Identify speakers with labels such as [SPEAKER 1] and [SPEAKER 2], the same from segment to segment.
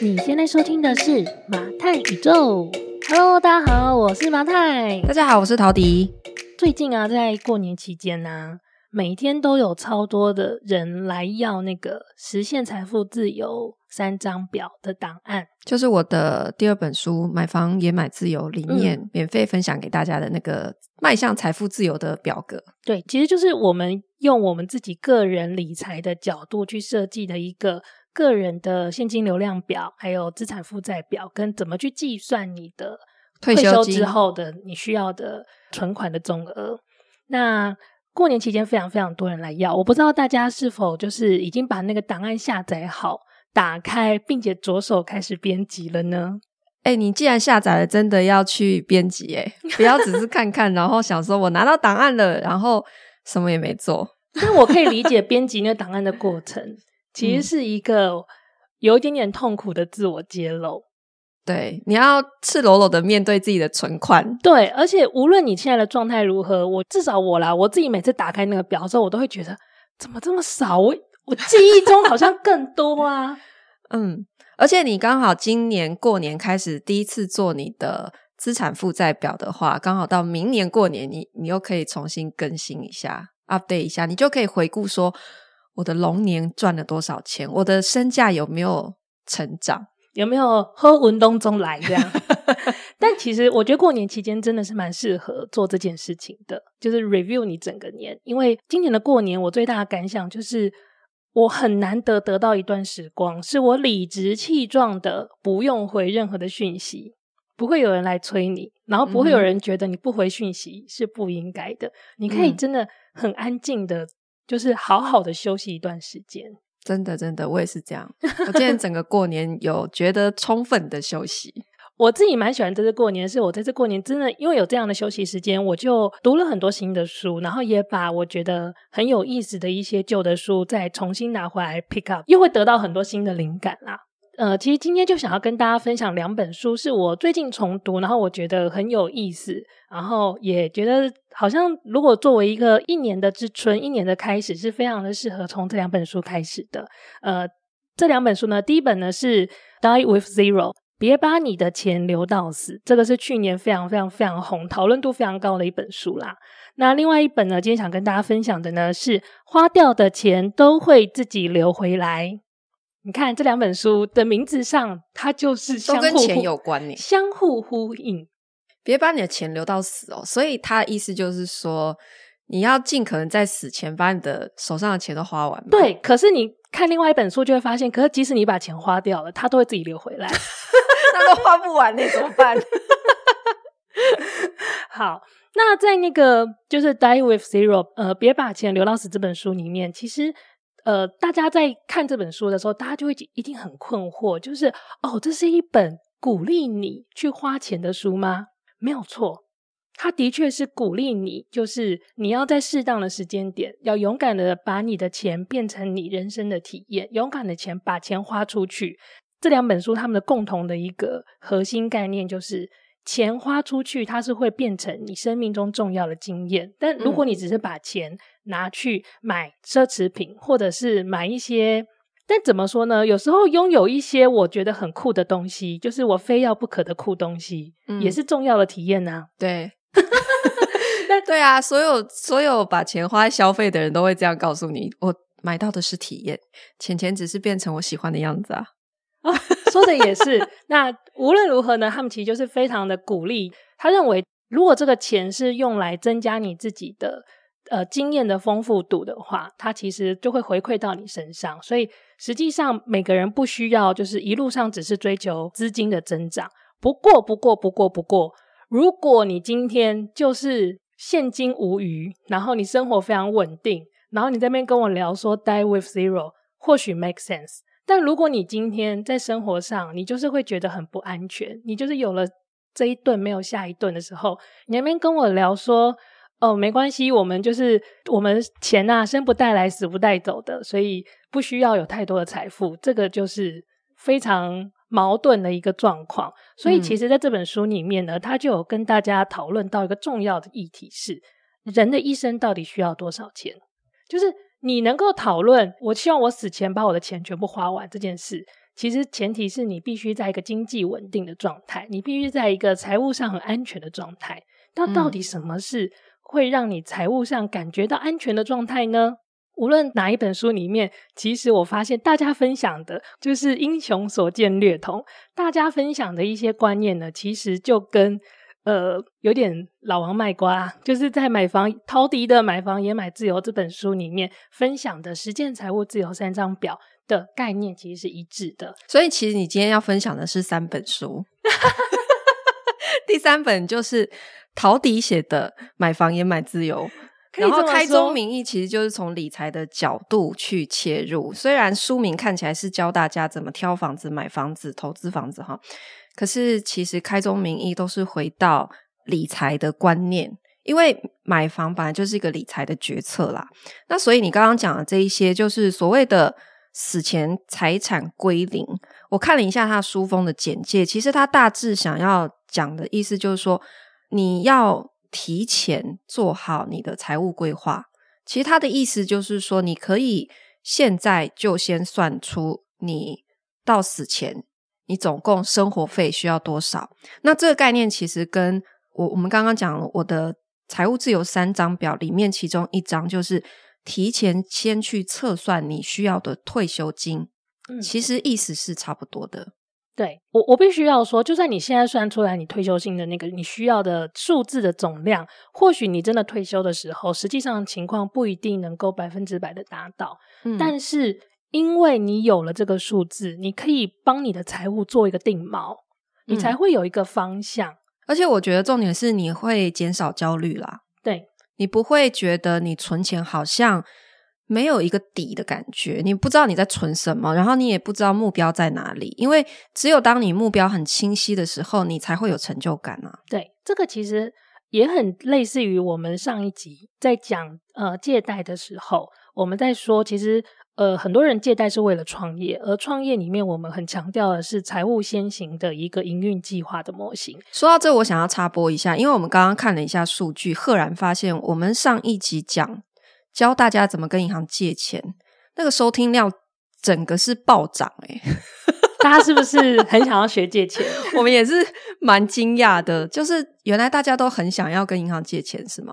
[SPEAKER 1] 你現在收聽的是馬太宇宙。Hello，大家好，我是馬太。大家好，我是陶迪。最近啊，在過年期間呢、啊，每天都有超多的人來要那個實現財富自由三張表的檔案，
[SPEAKER 2] 就是我的第二本書《買房也買自由》裡面、嗯、免費分享給大家的那個邁向財富自由的表格。
[SPEAKER 1] 對，其實就是我們用我們自己個人理財的角度去設計的一個。個人的現金流量表，還有資產負債表，跟怎麼去計算你的退休之後的你需要的存款的總額。那過年期間非常非常多人來要，我不知道大家是否就是已經把那個檔案下載好，打開，並且着
[SPEAKER 2] 手開始編輯了呢？哎、欸，你既然下載了，真的要去編輯？哎，不要只是看看， 然後想說我拿到檔案了，然後什麼也沒做。但我可以理解編輯那個檔案的過程。其實是一個有一點點痛苦的自我揭露。嗯、對，你要赤裸裸的面對自己的存款。對，
[SPEAKER 1] 而且無論你現在的狀態如何，我至少我啦，我自己每次打開那個表之後，我都會覺得
[SPEAKER 2] 怎麼這麼少？我我記憶中好像更多啊。 嗯，而且你剛好今年過年開始第一次做你的資產負債表的話，剛好到明年過年你，你你又可以重新更新一下、update 一下，你就可以回顧說。我的龍年賺了多少錢？我的身價有沒有成長？
[SPEAKER 1] 有沒有喝
[SPEAKER 2] 文東中來這樣？ 但其實我覺得過年期間真的
[SPEAKER 1] 是蠻適合做這件事情的，就是 review 你整個年。因為今年的過年，我最大的感想就是我很難得得到一段時光，是我理直氣壯的不用回任何的訊息，不會有人來催你，然後不會有人覺得你不回訊息是不應該的。嗯。你可以真的很安靜的。就是好好的休息一段時間，
[SPEAKER 2] 真的真的，我也是這樣。 我今天
[SPEAKER 1] 整個過年有覺得充分的休息， 我自己蠻喜歡這次過年，是我這次過年真的因為有這樣的休息時間，我就讀了很多新的書，然後也把我覺得很有意思的一些舊的書再重新拿回來 pick up，又會得到很多新的靈感啦。呃，其實今天就想要跟大家分享兩本書，是我最近重讀，然後我覺得很有意思，然後也覺得好像如果作為一個一年的之春，一年的開始，是非常的適合從這兩本書開始的。呃，這兩本書呢，第一本呢是《Die with Zero》，別把你的錢留到死，這個是去年非常非常非常紅、討論度非常高的一本書啦。那另外一本呢，今天想跟大家分享的呢是《花掉的錢都會自己流回來》。你看這兩本書的名字
[SPEAKER 2] 上，它就是相互都跟錢有關呢，相互呼應。別把你的錢留到死哦，所以它的意思就是說，你要盡可能在死前把你的手上的錢都花完。對，可是你看另外一本書就會發現，可是即使你把錢花掉了，它都會
[SPEAKER 1] 自己流回來。
[SPEAKER 2] 那都花不完，你怎麼辦？
[SPEAKER 1] 好，那在那個就是《Die with Zero》呃，別把錢留到死這本書裡面，其實。呃，大家在看這本書的時候，大家就會一定很困惑，就是哦，這是一本鼓勵你去花錢的書嗎？沒有錯，它的確是鼓勵你，就是你要在適當的時間點，要勇敢的把你的錢變成你人生的體驗，勇敢的錢把錢花出去。這兩本書他們的共同的一個核心概念就是，錢花出去，它是會變成你生命中重要的經驗。但如果你只是把錢，嗯拿去買奢侈品，或者是買一些，但怎麼說呢？有時候擁有一些我覺得很酷的東西，就是我非要不可的酷東西，嗯、也是重要的體驗吶、啊。對，
[SPEAKER 2] 那 對啊，所有所有把錢花在消費的人都會這樣告訴你：我買到的是體驗，錢錢只是變成我喜歡的樣子啊。
[SPEAKER 1] 哦、說的也是。那無論如何呢，漢姆奇就是非常的鼓勵。他認為，如果這個錢是用來增加你自己的。呃，經驗的豐富度的話，它其實就會回饋到你身上。所以實際上，每個人不需要就是一路上只是追求資金的增長。不過，不過，不過，不過，如果你今天就是現金無余，然後你生活非常穩定，然後你在那邊跟我聊說 “die with zero” 或許 make sense。但如果你今天在生活上，你就是會覺得很不安全，你就是有了這一頓沒有下一頓的時候，你在那邊跟我聊說。哦，沒關係，我們就是我們錢吶、啊，生不帶來，死不帶走的，所以不需要有太多的財富。這個就是非常矛盾的一個狀況、嗯。所以，其實在這本書裡面呢，他就有跟大家討論到一個重要的議題是：是人的一生到底需要多少錢？就是你能夠討論我希望我死前把我的錢全部花完這件事，其實前提是你必須在一個經濟穩定的狀態，你必須在一個財務上很安全的狀態。那到底什麼是，嗯會讓你財務上感覺到安全的狀態呢？無論哪一本書裡面，其實我發現大家分享的，就是英雄所見略同。大家分享的一些觀念呢，其實就跟呃有點老王賣瓜、啊，就是在《買房陶迪的買房也買自由》這本書裡面分享的實踐財務自由三張表的概念，其實是一致的。
[SPEAKER 2] 所以，其實你今天要分享的是三本書。 第三本就是陶迪寫的《買房也買自由》可，然後《開宗明義》其實就是從理財的角度去切入。雖然書名看起來是教大家怎麼挑房子、買房子、投資房子哈，可是其實《開宗明義》都是回到理財的觀念，因為買房本來就是一個理財的決策啦。那所以你剛剛講的這一些，就是所謂的死前財產歸零。我看了一下他書封的簡介，其實他大致想要。講的意思就是說，你要提前做好你的財務規劃。其實他的意思就是說，你可以現在就先算出你到死前你總共生活費需要多少。那這個概念其實跟我，我們剛剛講了我的財務自由三張表裡面，其中一張就是提前先去測算你需要的退休金。嗯，其實意思是差不多的。
[SPEAKER 1] 對我，我必須要說，就算你現在算出來你退休金的那個你需要的數字的總量，或許你真的退休的時候，實際上情況不一定能夠百分之百的達到，嗯。但是因為你有了這個數字，你可以幫你的財務做一個定錨，嗯，你才會有一個方向。
[SPEAKER 2] 而且我覺得重點是你會減少焦慮啦，對，你不會覺得你存錢好像。沒有一個底的感覺，你不知道你在存什麼，然後你也不知道目標在哪裡。因為只有當你目標很清晰的時候，你才會有成就感啊。
[SPEAKER 1] 對，這個其實也很類似於我們上一集在講呃借貸的時候，我們在說其實呃很多人借貸是為了創業，而創業裡面我們很強調的是財務先行的一個營運計劃的模型。
[SPEAKER 2] 說到這，我想要插播一下，因為我們剛剛看了一下數據，赫然發現我們上一集講。教大家怎麼跟銀行借錢，那個收聽量整個是暴漲誒、欸、 大家是不是很想要學借錢？ 我們也是蠻驚訝的，就是原來大家都很想要跟銀行借錢是嗎？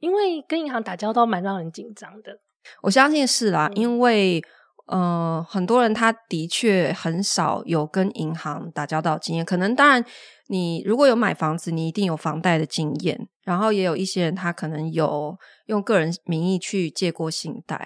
[SPEAKER 1] 因為跟銀行打交道蠻讓人緊張的，
[SPEAKER 2] 我相信是啦、啊嗯，因為呃，很多人他的確很少有跟銀行打交道經驗，可能當然你如果有買房子，你一定有房貸的經驗。然後也有一些人，他可能有用個人名義去借過信貸。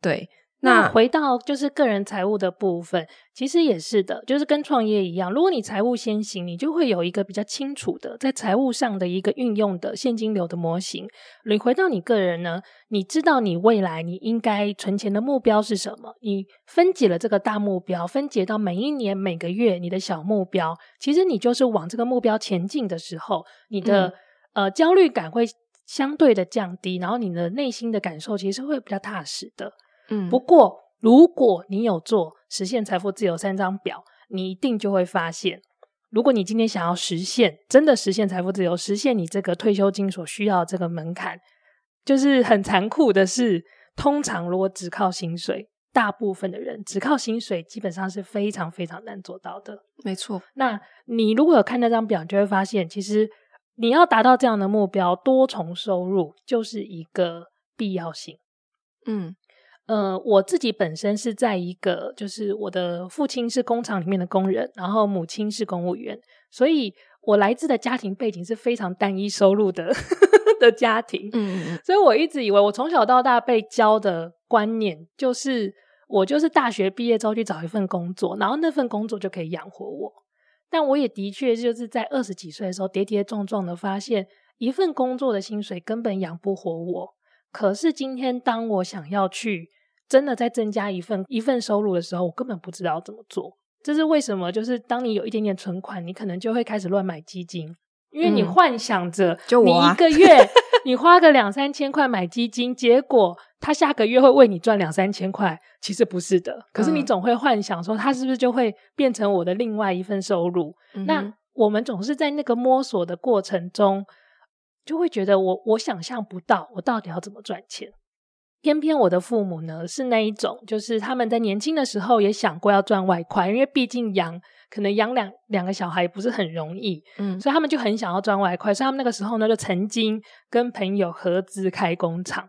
[SPEAKER 2] 對那，那
[SPEAKER 1] 回到就是個人財務的部分，其實也是的，就是跟創業一樣。如果你財務先行，你就會有一個比較清楚的在財務上的一個運用的現金流的模型。你回到你個人呢，你知道你未來你應該存錢的目標是什麼？你分解了這個大目標，分解到每一年、每個月你的小目標。其實你就是往這個目標前進的時候，你的。嗯呃，焦慮感會相對的降低，然後你的內心的感受，其實會比較踏實的。嗯，不過如果你有做實現財富自由三張表，你一定就會發現，如果你今天想要實現真的實現財富自由，實現你這個退休金所需要的這個門檻，就是很殘酷的是，通常如果只靠薪水，大部分的人只靠薪水基本上是非常非常難做到的。沒錯，那你如果有看那張表，你就會發現其實。你要達到這樣的目標，多重收入就是一個必要性。嗯，呃，我自己本身是在一個，就是我的父親是工廠裡面的工人，然後母親是公務員，所以我來自的家庭背景是非常單一收入的 的家庭。嗯，所以我一直以為，我從小到大被教的觀念就是，我就是大學畢業之後去找一份工作，然後那份工作就可以養活我。但我也的確就是在二十幾歲的時候跌跌撞撞的發現，一份工作的薪水根本養不活我。可是今天當我想要去真的再增加一份一份收入的時候，我根本不知道怎麼做。這是為什麼？就是當你有一點點存款，你可能就會開始亂買基金，
[SPEAKER 2] 因為你幻
[SPEAKER 1] 想着你一個月你花個兩三千塊買基金，結果。他下個月會為你賺兩三千塊，其實不是的。可是你總會幻想說，他是不是就會變成我的另外一份收入。嗯。那我們總是在那個摸索的過程中，就會覺得我我想象不到我到底要怎麼賺錢。偏偏我的父母呢，是那一種，就是他們在年輕的時候也想過要賺外快，因為畢竟養可能養兩兩個小孩不是很容易，嗯，所以他們就很想要賺外快。所以他們那個時候呢，就曾經跟朋友合資開工廠。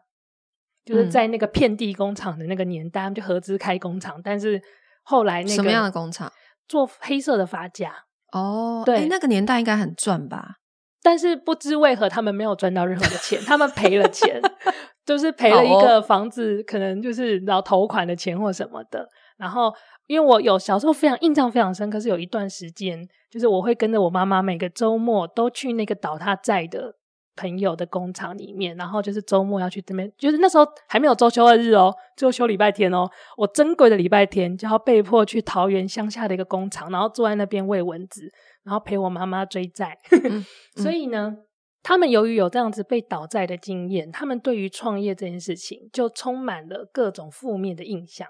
[SPEAKER 1] 就是在那個遍地工廠的那個年代，嗯、他們就合資開工廠，但是後來那個什麼樣的工廠做黑色
[SPEAKER 2] 的髮夾哦，對、欸，那個年代應該很賺吧？
[SPEAKER 1] 但是不知為何他們沒有賺到任何的錢， 他們賠了錢， 就是賠了一個房子，哦、可能就是然後頭款的錢或什麼的。然後因為我有小時候非常印象非常深，可是有一段時間，就是我會跟着我媽媽每個周末都去那個倒塌寨的。朋友的工廠裡面，然後就是周末要去這邊，就是那時候還沒有周休二日哦、喔，周休禮拜天哦、喔，我珍貴的禮拜天就要被迫去桃園鄉下的一個工廠，然後坐在那邊餵蚊子，然後陪我媽媽追債、 嗯嗯。所以呢，他們由於有這樣子被倒債的經驗，他們對於創業這件事情就充滿了各種負面的印象。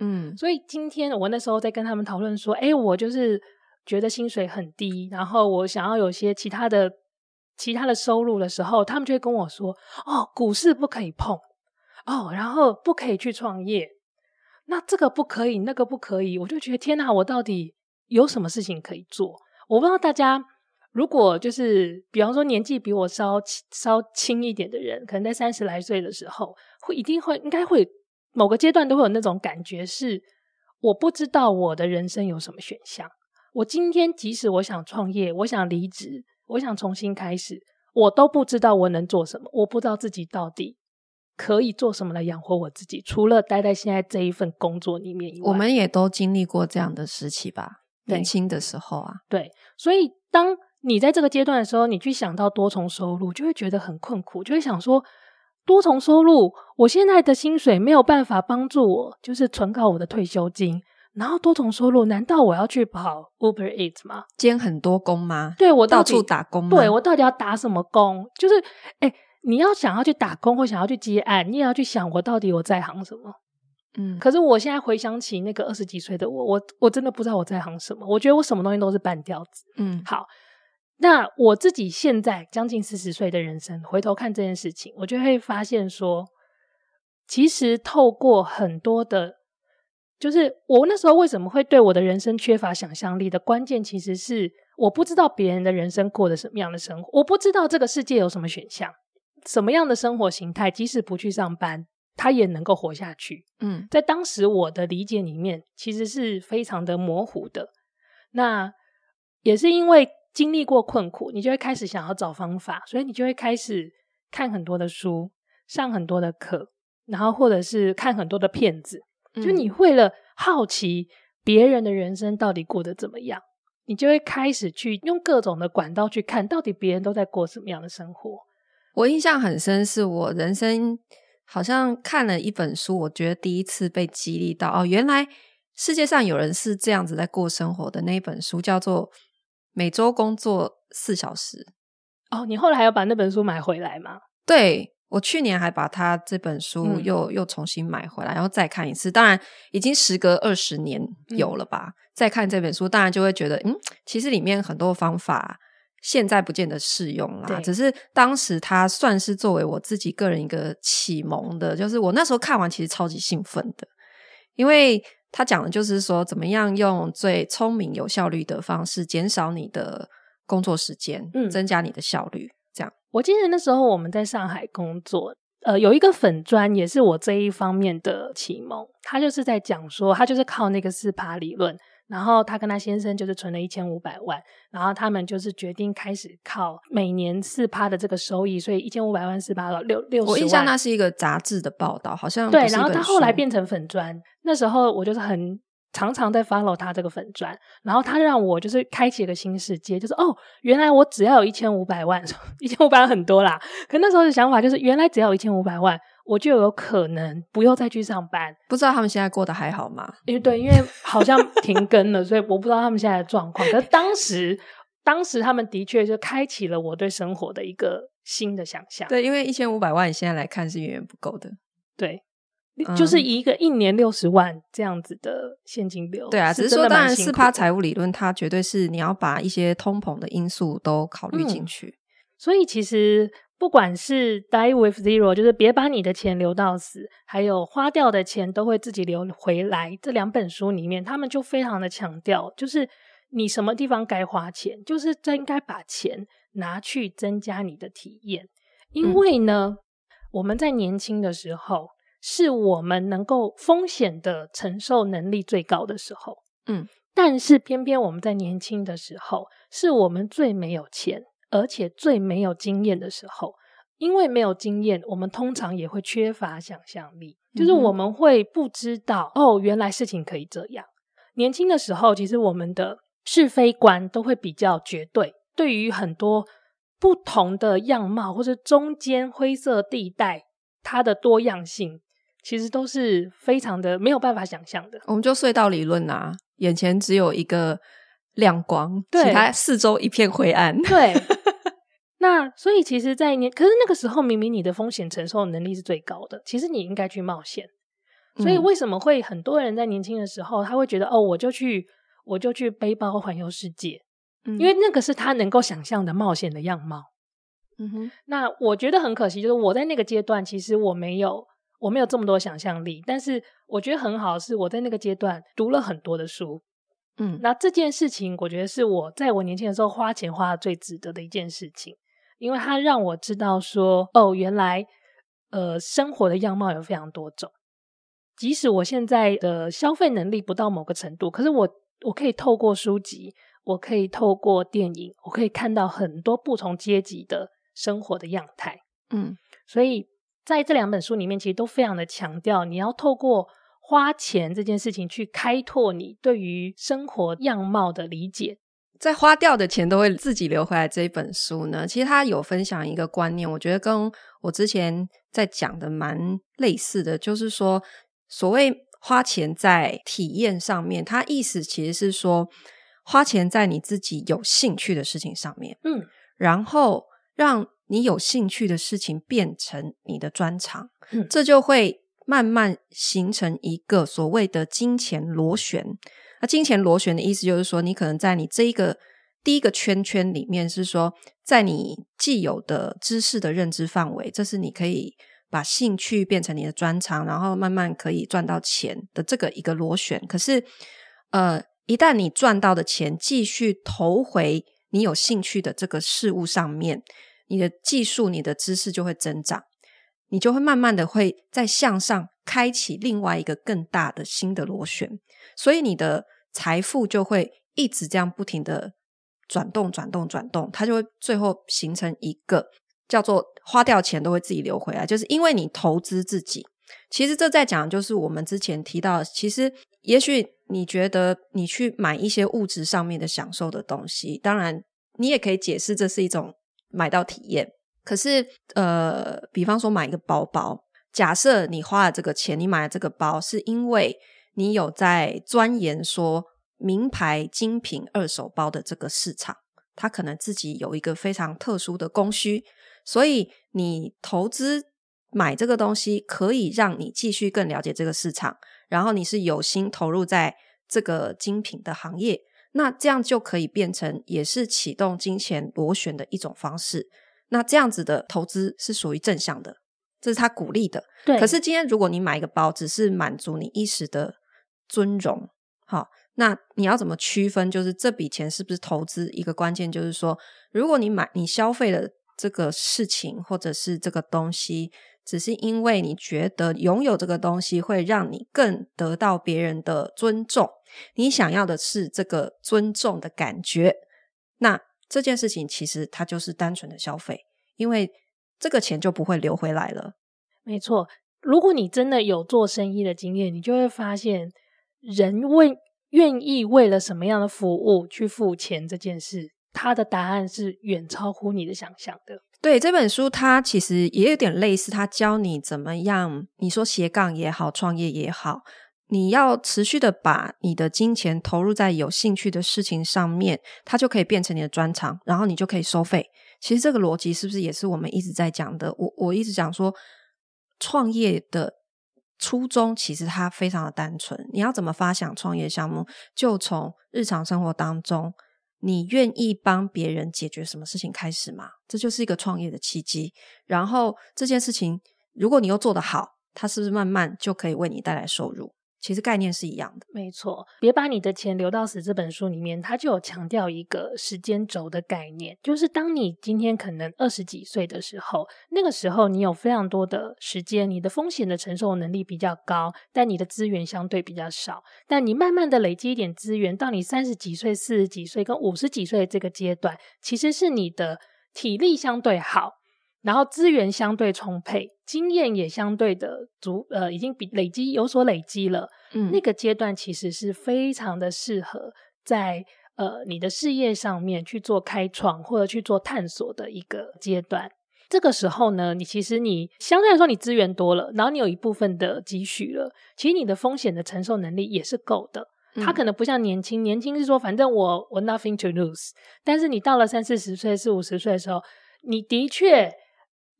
[SPEAKER 1] 嗯，所以今天我那時候在跟他們討論說，哎、欸，我就是覺得薪水很低，然後我想要有些其他的。其他的收入的時候，他們就會跟我說：“哦，股市不可以碰，哦，然後不可以去創業，那這個不可以，那個不可以。”我就覺得天哪，我到底有什麼事情可以做？我不知道大家如果就是比方說年紀比我稍稍輕一點的人，可能在三十來歲的時候，會一定會應該會某個階段都會有那種感覺是：我不知道我的人生有什麼選項。我今天即使我想創業，我想離職。我想重新開始，我都不知道我能做什麼，我不知道自己到底可以做什麼來養活我自己，除了待在現在這一份工作裡面以外，我們
[SPEAKER 2] 也都經歷過這樣的時期吧，嗯、年輕的時候啊，對。
[SPEAKER 1] 對所以，當你在這個階段的時候，你去想到多重收入，就會覺得很困苦，就會想說多重收入，我現在的薪水沒有辦法幫助我，就是純靠我的退休金。然後多重收入，難道我要去跑
[SPEAKER 2] Uber Eats 嗎？兼很多工嗎？對，我到，到處打工嗎？對，我
[SPEAKER 1] 到底要打什麼工？就是，哎，你要想要去打工或想要去接案，你也要去想我到底我在行什麼？嗯。可是我現在回想起那個二十幾歲的我，我我真的不知道我在行什麼。我覺得我什麼東西都是半吊子。嗯。好，那我自己現在將近四十歲的人生，回頭看這件事情，我就會發現說，其實透過很多的。就是我那時候為什麼會對我的人生缺乏想象力的關鍵，其實是我不知道別人的人生過着什麼樣的生活，我不知道這個世界有什麼選項，什麼樣的生活形態，即使不去上班，他也能夠活下去。嗯，在當時我的理解裡面，其實是非常的模糊的。那也是因為經歷過困苦，你就會開始想要找方法，所以你就會開始看很多的書，上很多的課，然後或者是看很多的片子。就你為了好奇別人的人生到底過得怎麼樣，嗯，你就會開始去用各種的管道去看，到底別人都在過什麼樣的生活。
[SPEAKER 2] 我印象很深，是我人生好像看了一本書，我覺得第一次被激勵到哦，原來世界上有人是這樣子在過生活的，那一本書叫做《每周工作四小時》。哦，你後來還要把那本書
[SPEAKER 1] 買回來嗎？
[SPEAKER 2] 對。我去年還把他這本書又、嗯、又重新買回來，然後再看一次。當然，已經時隔二十年有了吧、嗯。再看這本書，當然就會覺得，嗯，其實裡面很多方法現在不見得適用啦。只是當時他算是作為我自己個人一個啟蒙的，就是我那時候看完其實超級興奮的，因為他講的就是說，怎麼樣用最聰明、有效率的方式減少你的工作時間、嗯，增加你的效率。我記
[SPEAKER 1] 得那時候我們在上海工作，呃，有一個粉專也是我這一方面的啟蒙。他就是在講說，他就是靠那個四趴理論，然後他跟他先生就是存了一千五百萬，然後他們就是決定開始靠每年四趴的這個收益，所以一千五百萬四趴了六六十萬。我印象那
[SPEAKER 2] 是一個雜誌的報道，好像對，然後他後來
[SPEAKER 1] 變成粉專。那時候我就是很。常常在 follow 他這個粉專，然後他讓我就是開啟了個新世界，就是哦，原來我只要有一千五百萬，一千五百萬很多啦。可那時候的想法就是，原來只要有一千五百萬，我就有可能不用再去上班。
[SPEAKER 2] 不知道他們現在過得還好嗎？
[SPEAKER 1] 因、欸、為對，因為好像停更了， 所以我不知道他們現在的狀況。可是當時，當時他們的確就開啟了我對生活的一個新的想象。對，
[SPEAKER 2] 因為一千五百萬現在來看是遠遠不夠的。對。嗯、就是以一個一年六十萬
[SPEAKER 1] 這樣子的現金流，嗯、對啊，只是說當然四趴財
[SPEAKER 2] 務理論，它絕對是你要把一些通膨的因素都考慮進去，嗯。
[SPEAKER 1] 所以其實不管是 Die with Zero，就是別把你的錢留到死，還有花掉的錢都會自己流回來。這兩本書裡面，他們就非常的強調，就是你什麼地方該花錢，就是真該把錢拿去增加你的體驗，因為呢，嗯、我們在年輕的時候。是我們能夠風險的承受能力最高的時候，嗯，但是偏偏我們在年輕的時候，是我們最沒有錢，而且最沒有經驗的時候。因為沒有經驗，我們通常也會缺乏想象力，就是我們會不知道，嗯，哦，原來事情可以這樣。年輕的時候，其實我們的是非觀都會比較絕對，對於很多不同的樣貌或是中間灰色地帶，它的多樣性，其實都是非常的沒有辦法想象的。
[SPEAKER 2] 我們就隧道理論啊，眼前只有一個亮光，對，其他四周一片灰暗。對，
[SPEAKER 1] 那所以其實，在年可是那個時候，明明你的風險承受能力是最高的，其實你應該去冒險。所以為什麼會很多人在年輕的時候，嗯，他會覺得哦，我就去，我就去背包環遊世界，嗯，因為那個是他能夠想象的冒險的樣貌。嗯哼，那我覺得很可惜，就是我在那個階段，其實我沒有。我沒有這麼多想象力，但是我覺得很好，是我在那個階段讀了很多的書，嗯，那這件事情我覺得是我在我年輕的時候花錢花得最值得的一件事情，因為它讓我知道說，哦，原來，呃，生活的樣貌有非常多種，即使我現在的消費能力不到某個程度，可是我我可以透過書籍，我可以透過電影，我可以看到很多不同階級的生活的樣態，
[SPEAKER 2] 嗯，
[SPEAKER 1] 所以。在這兩本書裡面，其實都非常的強調，你要透過
[SPEAKER 2] 花錢這件事情去開拓你對於生活樣貌的理解。在花掉的錢都會自己流回來這一本書呢，其實他有分享一個觀念，我覺得跟我之前在講的蠻類似的，就是說，所謂花錢在體驗上面，他意思其實是說，花錢在你自己有興趣的事情上面，嗯，然後讓。你有興趣的事情變成你的專長，嗯，這就會慢慢形成一個所謂的金錢螺旋。那金錢螺旋的意思就是說，你可能在你這一個第一個圈圈裡面，是說在你既有的知識的認知範圍，這是你可以把興趣變成你的專長，然後慢慢可以賺到錢的這個一個螺旋。可是，呃，一旦你賺到的錢繼續投回你有興趣的這個事物上面。你的技術，你的知識就會增長，你就會慢慢的會再向上開啟另外一個更大的新的螺旋，所以你的財富就會一直這樣不停的轉動，轉動，轉動，它就會最後形成一個叫做花掉錢都會自己流回來，就是因為你投資自己。其實這在講就是我們之前提到，其實也許你覺得你去買一些物質上面的享受的東西，當然你也可以解釋這是一種。買到體驗，可是呃，比方說買一個包包，假設你花了這個錢，你買了這個包，是因為你有在鑽研說名牌精品二手包的這個市場，它可能自己有一個非常特殊的供需，所以你投資買這個東西，可以讓你繼續更了解這個市場，然後你是有心投入在這個精品的行業。那這樣就可以變成也是啟動金錢螺旋的一種方式。那這樣子的投資是屬於正向的，這是他鼓勵的。對。可是今天如果你買一個包，只是滿足你一時的尊榮，好，那你要怎麼區分？就是這筆錢是不是投資？一個關鍵就是說，如果你買你消費的這個事情或者是這個東西，只是因為你覺得擁有這個東西會讓你更得到別人的尊重。你想要的是這個尊重的感覺，那這件事情其實它就是單純的消費，因為這個錢就不會流回來了。
[SPEAKER 1] 沒錯，如果你真的有做生意的經驗，你就會發現人，人問願意為了什麼樣的服務去付錢這件事，它的答案是遠超乎你的想象的。
[SPEAKER 2] 對，這本書，它其實也有點類似，它教你怎麼樣，你說斜槓也好，創業也好。你要持續的把你的金錢投入在有興趣的事情上面，它就可以變成你的專長，然後你就可以收費。其實這個邏輯是不是也是我們一直在講的？我我一直講說，創業的初衷其實它非常的單純。你要怎麼發想創業項目，就從日常生活當中你願意幫別人解決什麼事情開始嘛。這就是一個創業的契機。然後這件事情，如果你又做得好，它是不是慢慢就可以為你帶來收入？其實概念是一樣的，沒錯。別把你的錢留到死這本書裡面，它就有強
[SPEAKER 1] 調一個時間軸的概念，就是當你今天可能二十幾歲的時候，那個時候你有非常多的時間，你的風險的承受能力比較高，但你的資源相對比較少。但你慢慢的累積一點資源，到你三十幾歲、四十幾歲跟五十幾歲這個階段，其實是你的體力相對好。然後資源相對充沛，經驗也相對的足，呃，已經比累積有所累積了。嗯，那個階段其實是非常的適合在呃你的事業上面去做開創或者去做探索的一個階段。這個時候呢，你其實你相對來說你資源多了，然後你有一部分的積蓄了，其實你的風險的承受能力也是夠的。它、嗯、可能不像年輕，年輕是說反正我我 nothing to lose，但是你到了三四十歲、四五十歲的時候，你的確。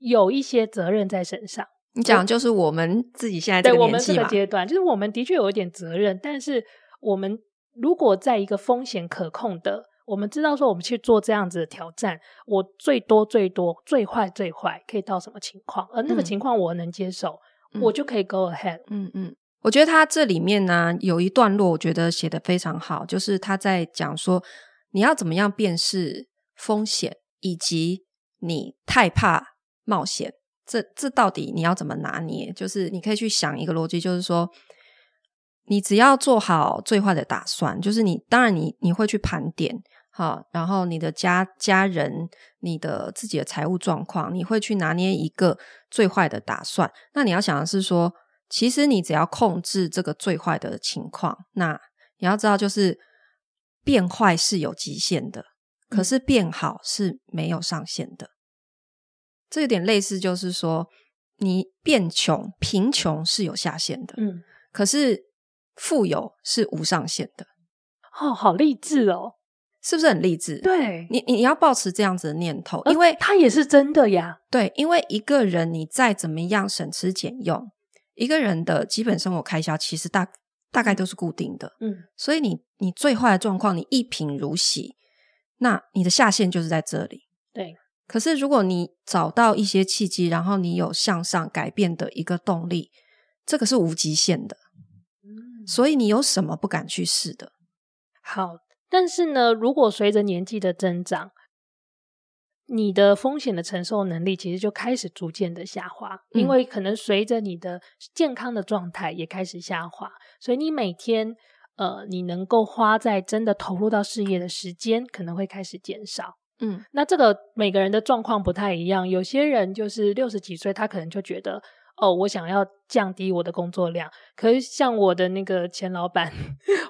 [SPEAKER 1] 有一些責任在身上。你講，就是
[SPEAKER 2] 我們自己現在這個對我們這個階
[SPEAKER 1] 段，就是我們的確有一點責任。但是我們如果在一個風險可控的，我們知道說我們去做這樣子的挑戰，我最多最多、最壞最壞可以到什麼情況，而那個情況我能接受，嗯，我就可以 go ahead。嗯
[SPEAKER 2] 嗯，嗯，我覺得他這裡面呢、啊、有一段落，我覺得寫得非常好，就是他在講說你要怎麼樣辨識風險，以及你太怕。冒險，這這到底你要怎麼拿捏？就是你可以去想一個邏輯，就是說，你只要做好最壞的打算。就是你當然你你會去盤點好，然後你的家家人、你的自己的財務狀況，你會去拿捏一個最壞的打算。那你要想的是說，其實你只要控制這個最壞的情況。那你要知道，就是變壞是有極限的，可是變好是沒有上限的。嗯這有點類似，就是說，你變窮，貧窮是有下限的，嗯，可是富有是無上限的，哦，好勵志哦，是不是很勵志？對，你你要保持這樣子的念頭，因為它也是真的呀，對，因為一個人你再怎麼樣省吃儉用、嗯，一個人的基本生活開銷其實大大概都是固定的，嗯，所以你你最壞的狀況，你一貧如洗，那你的下限就是在這裡，對。可是，如果你找到一些契機，然後你有向上改變的一個動力，這個是無極限的。所以你有什麼不敢去試的？嗯、
[SPEAKER 1] 好，但是呢，如果隨着年紀的增長，你的風險的承受能力其實就開始逐漸的下滑，嗯、因為可能隨着你的健康的狀態也開始下滑，所以你每天，呃，你能夠花在真的投入到事業的時間，可能會開始減少。嗯，那這個每個人的狀況不太一樣。有些人就是六十幾歲，他可能就覺得，哦，我想要降低我的工作量。可是像我的那個前老闆，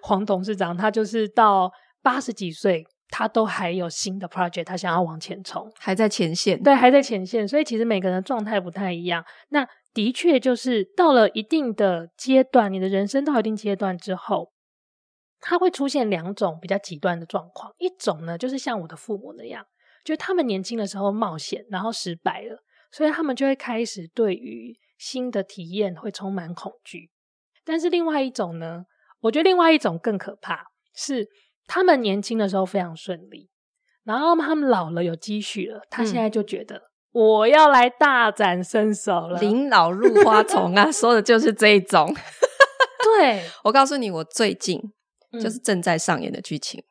[SPEAKER 1] 黃董事長，他就是到八十幾歲，他都還有新的 project，他想要往前衝，還在前線。對，還在前線。所以其實每個人的狀態不太一樣。那的確就是到了一定的階段，你的人生到一定階段之後。他會出現兩種比較極端的狀況，一種呢就是像我的父母那樣，就他們年輕的時候冒險，然後失敗了，所以他們就會開始對於新的體驗會充滿恐懼。但是另外一種呢，我覺得另外一種更可怕是，他們年輕的時候非常順利，然後他們老了有積蓄了，他現在就覺得、嗯、我要來
[SPEAKER 2] 大展身手了。臨老入花叢啊， 說的就是這一種。 對，我告訴你，我最近。就是正在上演的劇情、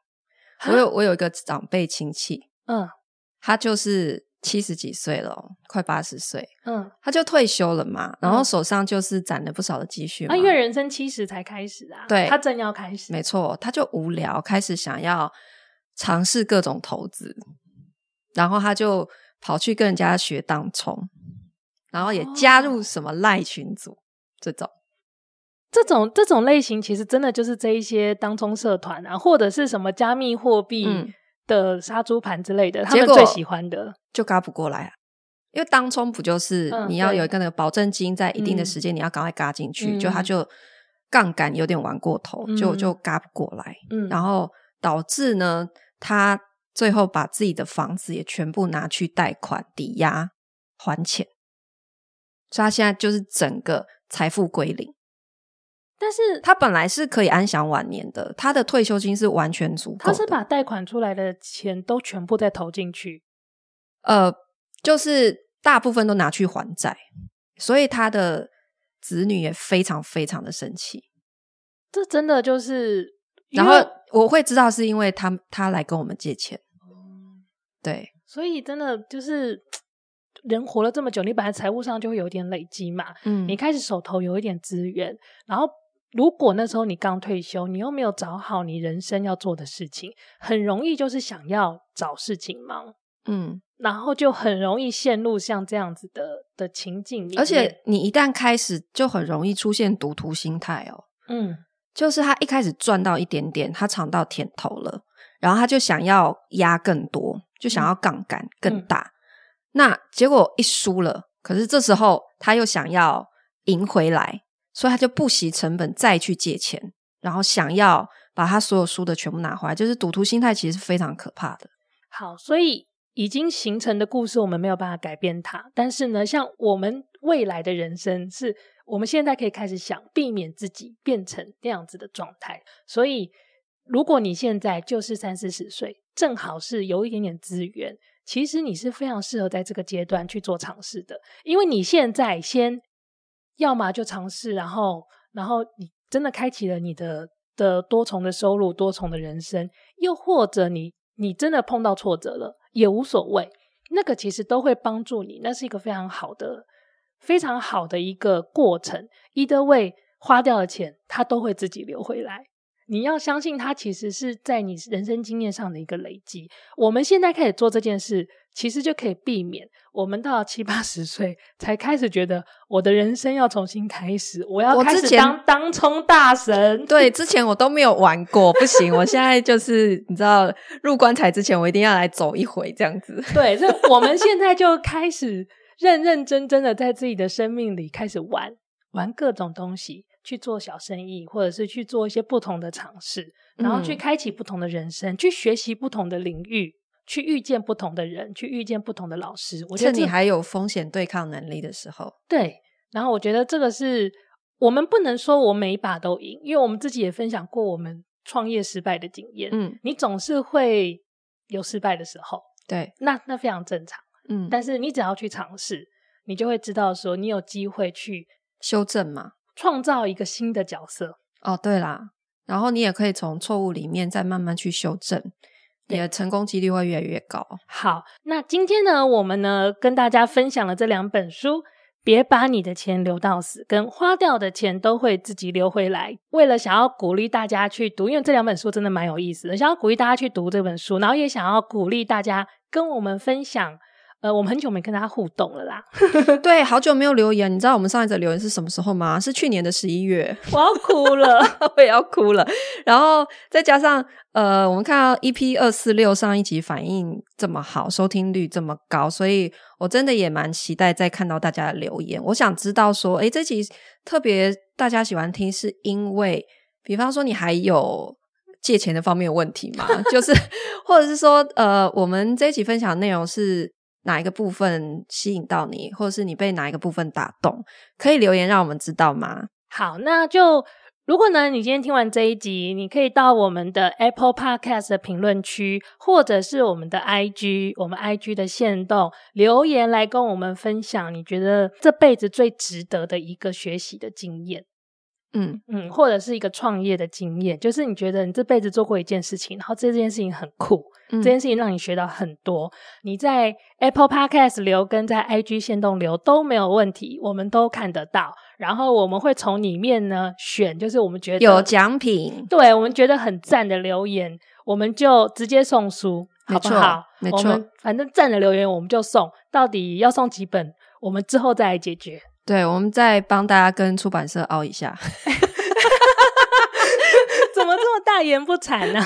[SPEAKER 2] 嗯。我有我有一個長輩親戚，嗯，他就是七十幾歲了，快八十歲，嗯，他就退休了嘛，嗯、然後手上就是攢了不少的積蓄嘛。啊，因為
[SPEAKER 1] 人生七十才開始啊，對，他
[SPEAKER 2] 正要開始，沒錯，他就無聊，開始想要嘗試各種投資，然後他就跑去跟人家學當沖，然後也加入什麼賴群組、哦、這種。這種
[SPEAKER 1] 這種類型其實真的就是這一些當沖社團啊，或者是什麼加密貨幣的殺豬盤之類的，嗯、他們最喜
[SPEAKER 2] 歡的就嘎不過來、啊，
[SPEAKER 1] 因為當沖
[SPEAKER 2] 不就是你要有一個那個保證金，在一定的時間你要趕快嘎進去，嗯、就它就槓桿有點玩過頭，嗯、就就嘎不過來、嗯，然後導致呢，他最後把自己的房子也全部拿去貸款抵押還錢，所以他現在就是整個財富歸零。但是他本來是可以安享晚年的，他的退休金是完全足夠。他是把貸款出來的錢都全部再投進去，呃，就是大部分都拿去還債，所以他的子女也非常非常的生氣。這真的就是，
[SPEAKER 1] 然後
[SPEAKER 2] 我會知道是因為他他來跟我們借錢，嗯，對，
[SPEAKER 1] 所以真的就是人活了這麼久，你本來財務上就會有點累積嘛，嗯，你開始手頭有一點資源，然後。如果那時候你剛退休，你又沒有找好你人生要做的事情，很容易就是想要找事情忙，嗯，然後就很容易陷入像這樣子的的情境裡面。而且
[SPEAKER 2] 你一旦開始，就很容易出現賭徒心態哦，嗯，就是他一開始賺到一點點，他嘗到甜頭了，然後他就想要壓更多，就想要槓桿更大。嗯，嗯，那結果一輸了，可是這時候他又想要贏回來。所以他就不惜成本再去借錢，然後想要把他所有輸的全部拿回來，就是賭徒心態，其實是非常可怕的。
[SPEAKER 1] 好，所以已經形成的故事，我們沒有辦法改變它。但是呢，像我們未來的人生，是我們現在可以開始想避免自己變成那樣子的狀態。所以，如果你現在就是三四十歲，正好是有一點點資源，其實你是非常適合在這個階段去做嘗試的，因為你現在先。要麼就嘗試，然後，然後你真的開啟了你的的多重的收入、多重的人生，又或者你你真的碰到挫折了，也無所謂，那個其實都會幫助你，那是一個非常好的、非常好的一個過程。either way，花掉的錢，他都會自己流回來。你要相信，它其實是在你人生經驗上的一個累積。我們現在開始做這件事，其實就可以避免我們到七八十歲才開始覺得我的人生要重新開始。我要開始當當衝
[SPEAKER 2] 大神，對，之前我都沒有玩過，不行，我現在就是 你知道，入棺材之前我一定要來走一回，這樣子。
[SPEAKER 1] 對，所以我們現在就開始認認真真的在自己的生命裡開始玩。玩各種東西，去做小生意，或者是去做一些不同的嘗試、嗯，然後去開啟不同的人生，去學習不同的領域，去遇見不同的人，去遇見不同的老師。我覺得趁你還有風險對
[SPEAKER 2] 抗能力的時候，對。
[SPEAKER 1] 然後我覺得這個是我們不能說我每一把都贏，因為我們自己也分享過我們創業失敗的經驗。嗯，你總是會有失敗的時候，對，那那非常正常。嗯，但是你只要去嘗試，你就會知道說你有機會去。修正嘛，創造一個新的角色
[SPEAKER 2] 哦，對啦，然後你也可以從錯誤裡面再慢慢去修正，你的成功幾率會越來越高。好，
[SPEAKER 1] 那今天呢，我們呢跟大家分享了這兩本書，《別把你的錢留到死》，跟花掉的錢都會自己流回來。為了想要鼓勵大家去讀，因為這兩本書真的蠻有意思的，想要鼓勵大家去讀這本書，然後也想要鼓勵大家跟我們分享。呃，我們很久沒跟大家互動了啦。
[SPEAKER 2] 對，好久沒有留言，你知道我們上一集留言是什麼時候嗎？是去年的十一月。我要哭了， 我也要哭了。然後再加上呃，我們看到 EP 二四六，上一集反應這麼好，收聽率這麼高，所以我真的也蠻期待再看到大家的留言。我想知道說，哎、欸，這集特別大家喜歡聽，是因為，比方說你還有借錢的方面有問題嗎？ 就是，或者是說，呃，我們這一集分享內容是。哪一個部分吸引到你，或者是你被哪一個部分打動，可以留言讓我們知道嗎？好，那就
[SPEAKER 1] 如果呢，你今天聽完這一集，你可以到我們的 Apple Podcast 評論區，或者是我們的 IG，我們 IG 的限動留言來跟我們分享，你覺得這輩子最值得的一個學習的經驗。嗯嗯，或者是一個創業的經驗，就是你覺得你這輩子做過一件事情，然後這件事情很酷，嗯，這件事情讓你學到很多。你在 Apple Podcast 留跟在 IG 限動留都沒有問題，我們都看得到。然後我們會從裡面呢選，就是我們覺得有獎品，對，我們覺得很讚的留言，我們就直接送
[SPEAKER 2] 書，好不好？沒錯，我們
[SPEAKER 1] 反正讚的留言我們就送，到底要送幾本，我們之後再來解決。
[SPEAKER 2] 對，我們再幫大家跟出版社凹一下，
[SPEAKER 1] 怎麼這麼大言不慚呢？啊？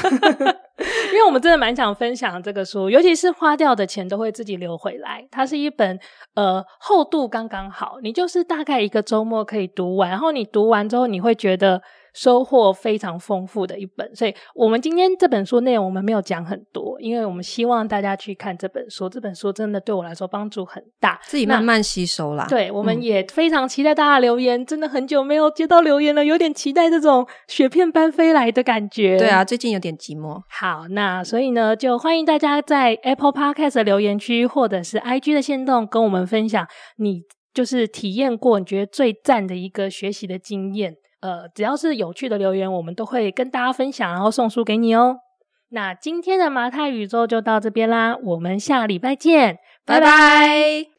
[SPEAKER 1] 因為我們真的蠻想分享這個書，尤其是花掉的錢都會自己流回來。它是一本呃厚度剛剛好，你就是大概一個周末可以讀完，然後你讀完之後你會覺得。收穫非常豐富的一本，所以我們今天這本書內容我們沒有講很多，因為我們希望大家去看這本書。這本書真的對我來說幫助很大，自己慢慢吸
[SPEAKER 2] 收啦。對，我們也
[SPEAKER 1] 非常期待大家留言、嗯，真的很久沒有接到留言了，有點期待這種雪片般飛來的感覺。對啊，最近有點寂寞。好，那所以呢，就歡迎大家在 Apple Podcast 的留言區或者是 IG 的限動，跟我們分享你就是體驗過你覺得最讚的一個學習的經驗。呃，只要是有趣的留言，我們都會跟大家分享，然後送書給你哦。那今天的麻太宇宙就到這邊啦，我們下禮拜見，拜拜。拜拜。